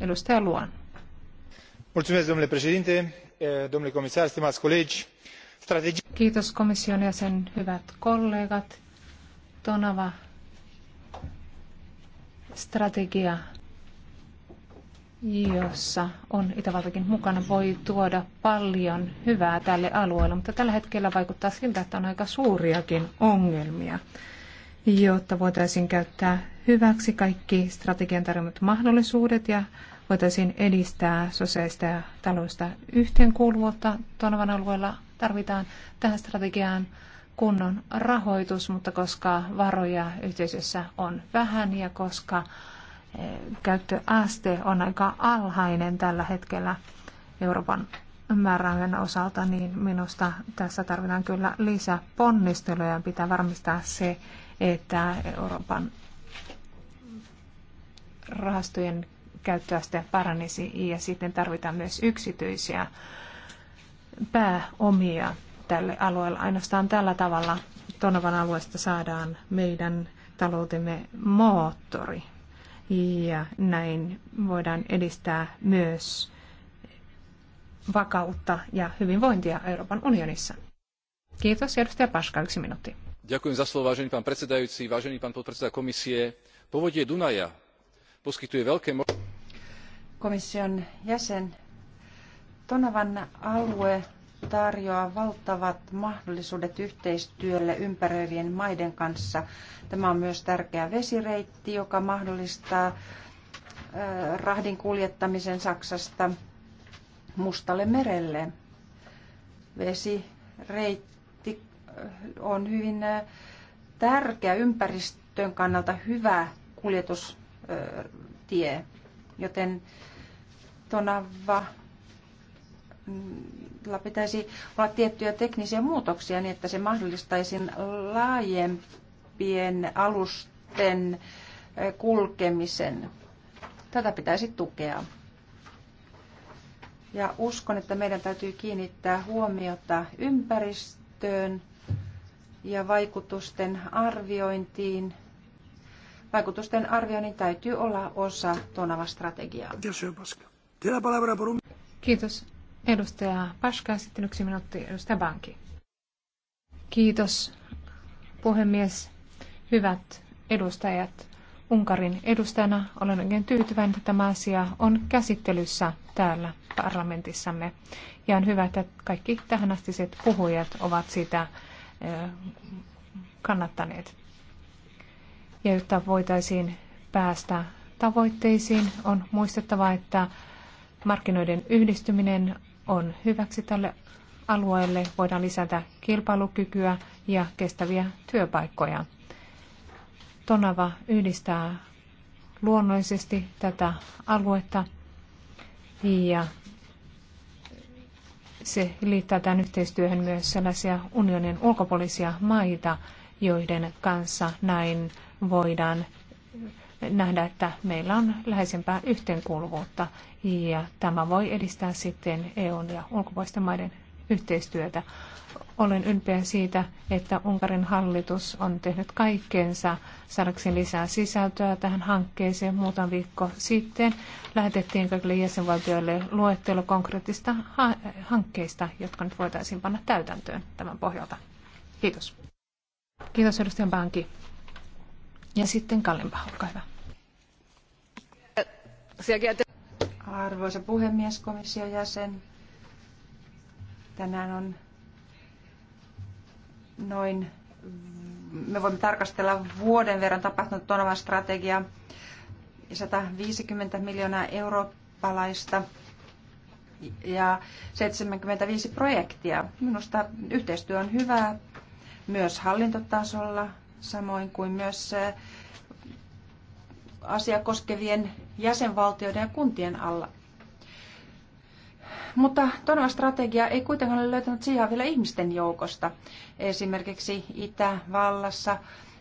edustaja Luan. Mulțumesc, domnule președinte, domnule comisar, stimați colegi. Strategi... Kiitos komission ja sen hyvät kollegat. Tonava strategia jossa on Itävaltakin mukana, voi tuoda paljon hyvää tälle alueelle, mutta tällä hetkellä vaikuttaa siltä, että on aika suuriakin ongelmia, jotta voitaisiin käyttää hyväksi kaikki strategian tarjoamat mahdollisuudet ja voitaisiin edistää sosiaalista ja taloudellista yhteenkuuluvuutta Tonavan alueella. Tarvitaan tähän strategiaan kunnon rahoitus, mutta koska varoja yhteisössä on vähän ja koska käyttöaste on aika alhainen tällä hetkellä Euroopan määrän osalta, niin minusta tässä tarvitaan kyllä lisää ponnisteluja. Pitää varmistaa se, että Euroopan rahastojen käyttöaste paranisi ja sitten tarvitaan myös yksityisiä pääomia tälle alueelle. Ainoastaan tällä tavalla Tonovan alueesta saadaan meidän taloutemme moottori ja näin voidaan edistää myös vakautta ja hyvinvointia Euroopan unionissa. Kiitos, edustaja Paska, yksi minuutti. Ďakujem za slovo, vážený pán predsedajúci, vážený pán podpredseda komisie. Povodie Dunaja poskytuje veľké Komission jäsen. Tonavan alue tarjoaa valtavat mahdollisuudet yhteistyölle ympäröivien maiden kanssa. Tämä on myös tärkeä vesireitti, joka mahdollistaa rahdin kuljettamisen Saksasta Mustalle merelle. Vesireitti on hyvin tärkeä ympäristön kannalta hyvä kuljetustie, joten Tonava pitäisi olla tiettyjä teknisiä muutoksia niin, että se mahdollistaisi laajempien alusten kulkemisen. Tätä pitäisi tukea. Ja uskon, että meidän täytyy kiinnittää huomiota ympäristöön ja vaikutusten arviointiin. Vaikutusten arvioinnin täytyy olla osa tonava strategiaa. Kiitos. Edustaja Paska, sitten yksi minuutti, edustaja Banki. Kiitos, puhemies. Hyvät edustajat, Unkarin edustajana olen oikein tyytyväinen, että tämä asia on käsittelyssä täällä parlamentissamme. Ja on hyvä, että kaikki tähänastiset puhujat ovat sitä kannattaneet. Ja jotta voitaisiin päästä tavoitteisiin, on muistettava, että Markkinoiden yhdistyminen on hyväksi tälle alueelle. Voidaan lisätä kilpailukykyä ja kestäviä työpaikkoja. Tonava yhdistää luonnollisesti tätä aluetta ja se liittää tämän yhteistyöhön myös sellaisia unionin ulkopuolisia maita, joiden kanssa näin voidaan nähdä, että meillä on läheisempää yhteenkuuluvuutta ja tämä voi edistää sitten EUn ja ulkopuolisten maiden yhteistyötä. Olen ylpeä siitä, että Unkarin hallitus on tehnyt kaikkeensa saadakseen lisää sisältöä tähän hankkeeseen. muutaman viikko sitten lähetettiin kaikille jäsenvaltioille luettelo konkreettista ha- hankkeista, jotka nyt voitaisiin panna täytäntöön tämän pohjalta. Kiitos. Kiitos edustajan Banki. Ja sitten Kallenpa, olkaa hyvä. Arvoisa puhemies, komission jäsen. Tänään on noin, me voimme tarkastella vuoden verran tapahtunut tonovan strategia 150 miljoonaa eurooppalaista ja 75 projektia. Minusta yhteistyö on hyvää myös hallintotasolla, samoin kuin myös eh, asia koskevien jäsenvaltioiden ja kuntien alla. Mutta Tonava strategia ei kuitenkaan ole löytänyt sijaa vielä ihmisten joukosta. Esimerkiksi Itävallassa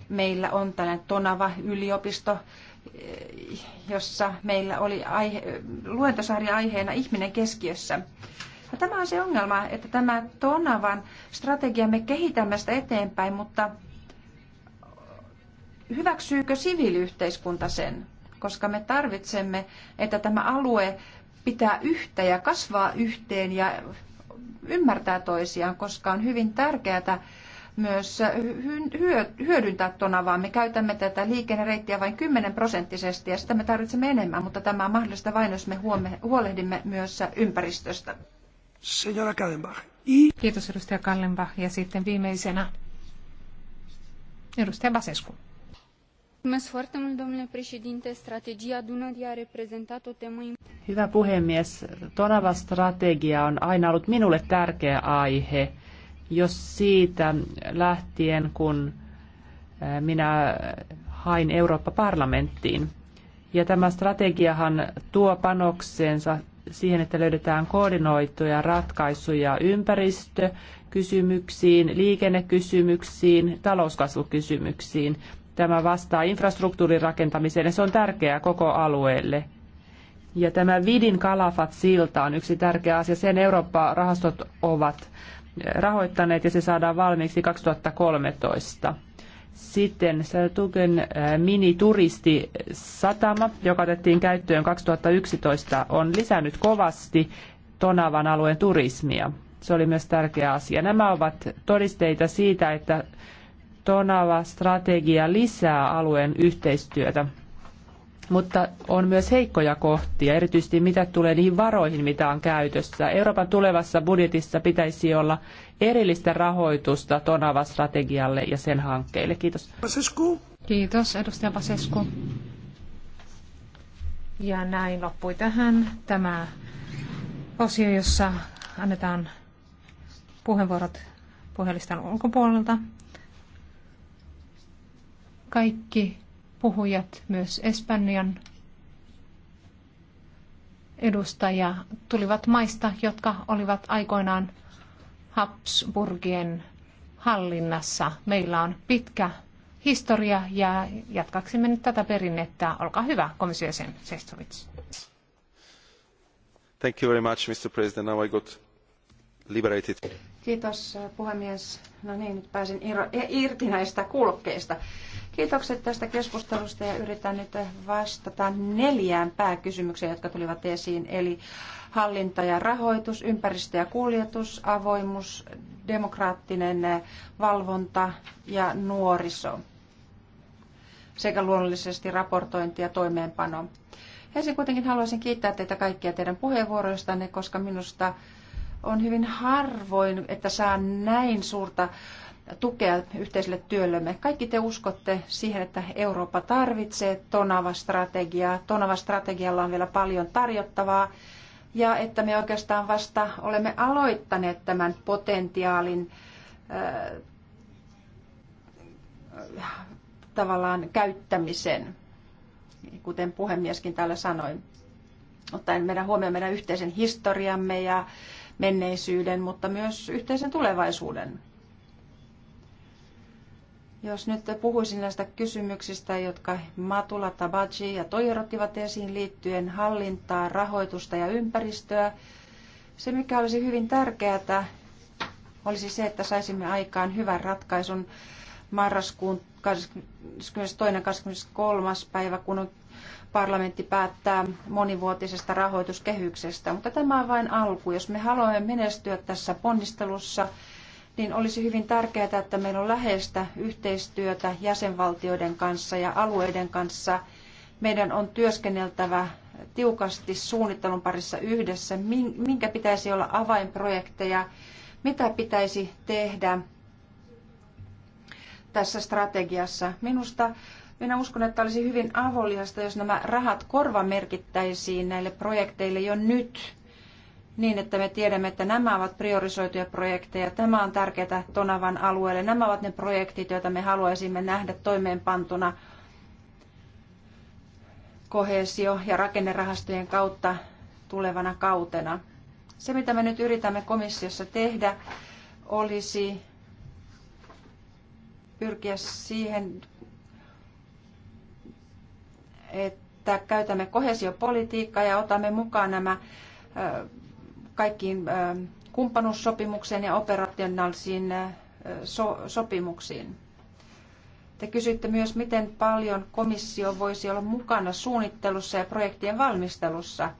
meillä on tällainen Tonava-yliopisto, jossa meillä oli aihe, luentosarja aiheena ihminen keskiössä. Ja no, tämä on se ongelma, että tämä Tonavan strategia me kehitämme sitä eteenpäin, mutta hyväksyykö siviiliyhteiskunta sen? Koska me tarvitsemme, että tämä alue pitää yhtä ja kasvaa yhteen ja ymmärtää toisiaan, koska on hyvin tärkeää myös hyödyntää tonavaa. Me käytämme tätä liikennereittiä vain 10 prosenttisesti ja sitä me tarvitsemme enemmän, mutta tämä on mahdollista vain, jos me huolehdimme myös ympäristöstä. Señora Kallenbach. Kiitos edustaja Kallenbach ja sitten viimeisenä edustaja Basescu. Strategia a reprezentat o temă... Hyvä puhemies, Tonava strategia on aina ollut minulle tärkeä aihe. Jos siitä lähtien, kun eh, minä hain Eurooppa-parlamenttiin. Ja tämä strategiahan tuo panoksensa siihen, että löydetään koordinoituja ratkaisuja ympäristökysymyksiin, liikennekysymyksiin, talouskasvukysymyksiin. Tämä vastaa infrastruktuurin rakentamiseen ja se on tärkeää koko alueelle. Ja tämä Vidin Kalafat silta on yksi tärkeä asia. Sen Eurooppa-rahastot ovat eh, rahoittaneet ja se saadaan valmiiksi 2013. Sitten Satuken eh, minituristi satama, joka otettiin käyttöön 2011, on lisännyt kovasti Tonavan alueen turismia. Se oli myös tärkeä asia. Nämä ovat todisteita siitä, että Tonava-strategia lisää alueen yhteistyötä, mutta on myös heikkoja kohtia, erityisesti mitä tulee niihin varoihin, mitä on käytössä. Euroopan tulevassa budjetissa pitäisi olla erillistä rahoitusta Tonava-strategialle ja sen hankkeille. Kiitos. Pasescu. Kiitos, edustaja Pasescu. Ja näin loppui tähän tämä osio, jossa annetaan puheenvuorot puhelistan ulkopuolelta kaikki puhujat, myös Espanjan edustaja, tulivat maista, jotka olivat aikoinaan Habsburgien hallinnassa. Meillä on pitkä historia ja jatkaksemme nyt tätä perinnettä. Olkaa hyvä, komissiojäsen Sestovic. Thank you very much, Mr. President. Now I got liberated. Kiitos puhemies. No niin, nyt pääsin e- irti näistä kulkeista. Kiitokset tästä keskustelusta ja yritän nyt vastata neljään pääkysymykseen, jotka tulivat esiin, eli hallinta ja rahoitus, ympäristö ja kuljetus, avoimuus, demokraattinen valvonta ja nuoriso sekä luonnollisesti raportointi ja toimeenpano. Ensin kuitenkin haluaisin kiittää teitä kaikkia teidän puheenvuoroistanne, koska minusta on hyvin harvoin, että saan näin suurta tukea yhteiselle työllemme. Kaikki te uskotte siihen, että Eurooppa tarvitsee Tonava-strategiaa. Tonava-strategialla on vielä paljon tarjottavaa ja että me oikeastaan vasta olemme aloittaneet tämän potentiaalin äh, tavallaan käyttämisen, kuten puhemieskin täällä sanoi, ottaen meidän huomioon meidän yhteisen historiamme ja menneisyyden, mutta myös yhteisen tulevaisuuden. Jos nyt puhuisin näistä kysymyksistä, jotka Matula, Tabaji ja Toijer esiin liittyen hallintaa, rahoitusta ja ympäristöä, se mikä olisi hyvin tärkeää olisi se, että saisimme aikaan hyvän ratkaisun marraskuun 22.23. päivä, kun parlamentti päättää monivuotisesta rahoituskehyksestä. Mutta tämä on vain alku. Jos me haluamme menestyä tässä ponnistelussa, niin olisi hyvin tärkeää, että meillä on läheistä yhteistyötä jäsenvaltioiden kanssa ja alueiden kanssa. Meidän on työskenneltävä tiukasti suunnittelun parissa yhdessä, minkä pitäisi olla avainprojekteja, mitä pitäisi tehdä tässä strategiassa. Minusta minä uskon, että olisi hyvin avoliasta, jos nämä rahat korvamerkittäisiin näille projekteille jo nyt niin, että me tiedämme, että nämä ovat priorisoituja projekteja. Tämä on tärkeää Tonavan alueelle. Nämä ovat ne projektit, joita me haluaisimme nähdä toimeenpantuna kohesio- ja rakennerahastojen kautta tulevana kautena. Se, mitä me nyt yritämme komissiossa tehdä, olisi pyrkiä siihen, että käytämme kohesiopolitiikkaa ja otamme mukaan nämä kaikkiin kumppanuussopimukseen ja operationaalisiin so- sopimuksiin. Te kysytte myös, miten paljon komissio voisi olla mukana suunnittelussa ja projektien valmistelussa.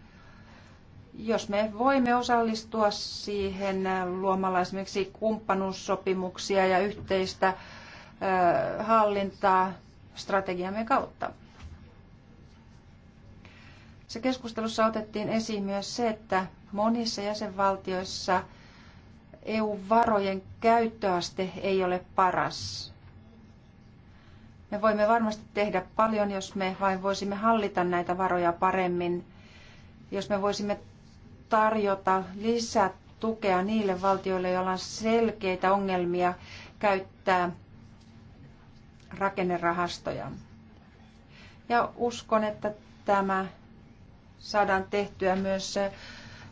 Jos me voimme osallistua siihen luomalla esimerkiksi kumppanuussopimuksia ja yhteistä hallintaa strategiamme kautta. Se keskustelussa otettiin esiin myös se, että monissa jäsenvaltioissa EU-varojen käyttöaste ei ole paras. Me voimme varmasti tehdä paljon, jos me vain voisimme hallita näitä varoja paremmin, jos me voisimme tarjota lisää tukea niille valtioille, joilla on selkeitä ongelmia käyttää rakennerahastoja. Ja uskon, että tämä saadaan tehtyä myös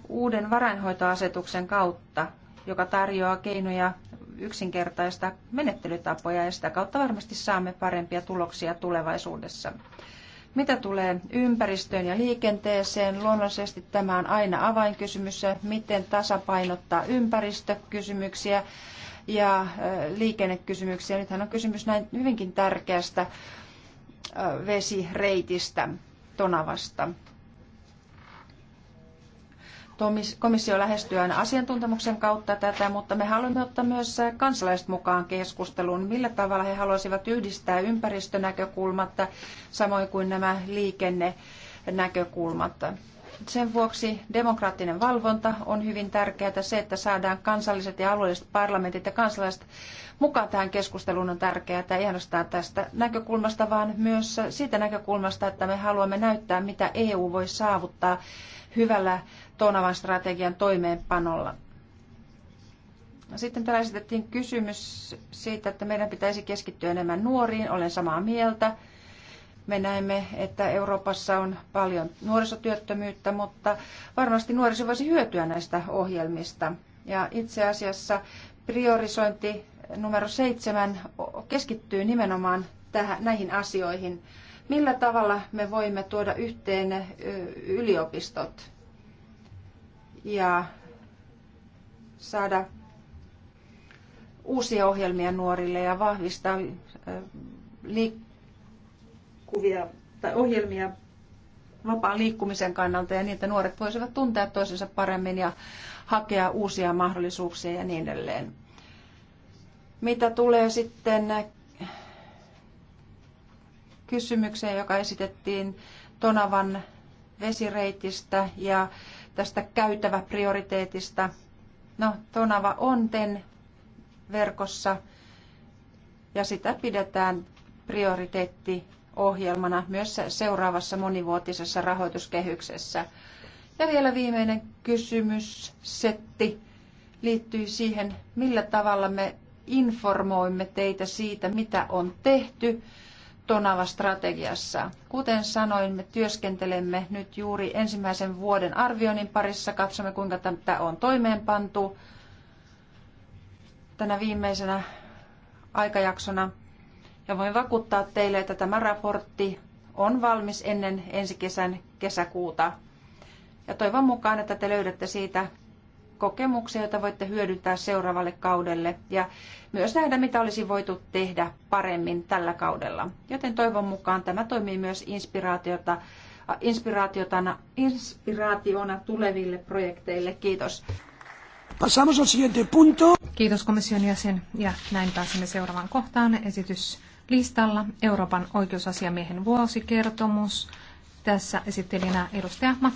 uuden varainhoitoasetuksen kautta, joka tarjoaa keinoja yksinkertaista menettelytapoja ja sitä kautta varmasti saamme parempia tuloksia tulevaisuudessa. Mitä tulee ympäristöön ja liikenteeseen, luonnollisesti tämä on aina avainkysymys, miten tasapainottaa ympäristökysymyksiä ja liikennekysymyksiä. Nythän on kysymys näin hyvinkin tärkeästä vesireitistä Tonavasta komissio lähestyään asiantuntemuksen kautta tätä, mutta me haluamme ottaa myös äh, kansalaiset mukaan keskusteluun, millä tavalla he haluaisivat yhdistää ympäristönäkökulmat, samoin kuin nämä liikennenäkökulmat. Sen vuoksi demokraattinen valvonta on hyvin tärkeää. Se, että saadaan kansalliset ja alueelliset parlamentit ja kansalaiset mukaan tähän keskusteluun on tärkeää. Ei ainoastaan tästä näkökulmasta, vaan myös siitä näkökulmasta, että me haluamme näyttää, mitä EU voi saavuttaa hyvällä Tonavan strategian toimeenpanolla. Sitten täällä esitettiin kysymys siitä, että meidän pitäisi keskittyä enemmän nuoriin. Olen samaa mieltä me näemme, että Euroopassa on paljon nuorisotyöttömyyttä, mutta varmasti nuoriso voisi hyötyä näistä ohjelmista. Ja itse asiassa priorisointi numero seitsemän keskittyy nimenomaan tähän, näihin asioihin. Millä tavalla me voimme tuoda yhteen yliopistot ja saada uusia ohjelmia nuorille ja vahvistaa liik- kuvia tai ohjelmia vapaan liikkumisen kannalta ja niin, että nuoret voisivat tuntea toisensa paremmin ja hakea uusia mahdollisuuksia ja niin edelleen. Mitä tulee sitten kysymykseen, joka esitettiin Tonavan vesireitistä ja tästä käytävä prioriteetista. No, Tonava on TEN verkossa ja sitä pidetään prioriteetti ohjelmana myös seuraavassa monivuotisessa rahoituskehyksessä. Ja vielä viimeinen kysymys, setti, liittyy siihen, millä tavalla me informoimme teitä siitä, mitä on tehty Tonava-strategiassa. Kuten sanoin, me työskentelemme nyt juuri ensimmäisen vuoden arvioinnin parissa, katsomme kuinka tämä on toimeenpantu tänä viimeisenä aikajaksona ja voin vakuuttaa teille, että tämä raportti on valmis ennen ensi kesän kesäkuuta. Ja toivon mukaan, että te löydätte siitä kokemuksia, joita voitte hyödyntää seuraavalle kaudelle ja myös nähdä, mitä olisi voitu tehdä paremmin tällä kaudella. Joten toivon mukaan tämä toimii myös inspiraatiota, inspiraatiotana, inspiraationa tuleville projekteille. Kiitos. Pasamos al siguiente punto. Kiitos komission jäsen ja näin pääsemme seuraavaan kohtaan. Esitys listalla Euroopan oikeusasiamiehen vuosikertomus. Tässä esittelijänä edustaja Mats